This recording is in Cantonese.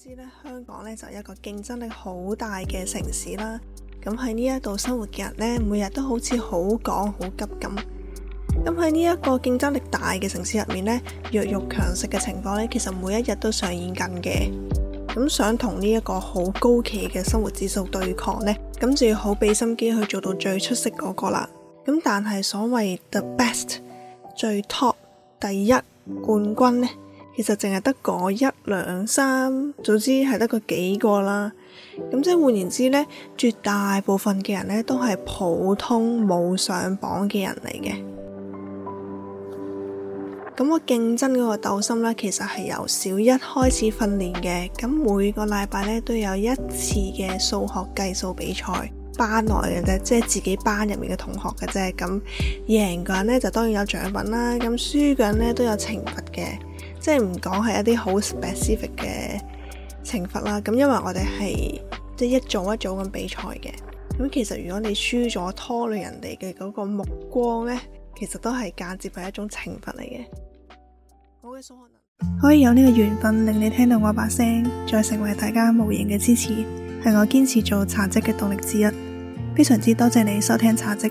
知咧，香港咧就係一個競爭力好大嘅城市啦。咁喺呢一度生活嘅人咧，每日都好似好趕好急咁。咁喺呢一個競爭力大嘅城市入面咧，弱肉強食嘅情況咧，其實每一日都上演緊嘅。咁想同呢一個好高企嘅生活指數對抗咧，咁就要好俾心機去做到最出色嗰個啦。咁但係所謂 the best，最 top、第一冠軍咧？其實淨係得嗰一兩三，總之係得個幾個啦。咁即係換言之呢，絕大部分嘅人呢都係普通冇上榜嘅人嚟嘅。咁我競爭嗰個鬥心呢，其實係由小一開始訓練嘅。咁每個禮拜呢，都有一次嘅數學計數比賽，班內嘅啫，即係自己班入面嘅同學嘅啫。咁贏嘅人呢，就當然有獎品啦。咁輸嘅人呢，都有懲罰嘅。即係唔講係一啲好 specific 嘅懲罰啦，咁因為我哋係即係一組一組咁比賽嘅，咁其實如果你輸咗拖累人哋嘅嗰個目光呢，其實都係間接係一種懲罰嚟嘅。好嘅可以有呢個緣分令你聽到我把聲，再成為大家無形嘅支持，係我堅持做茶嘖嘅動力之一，非常之多謝你收聽茶嘖。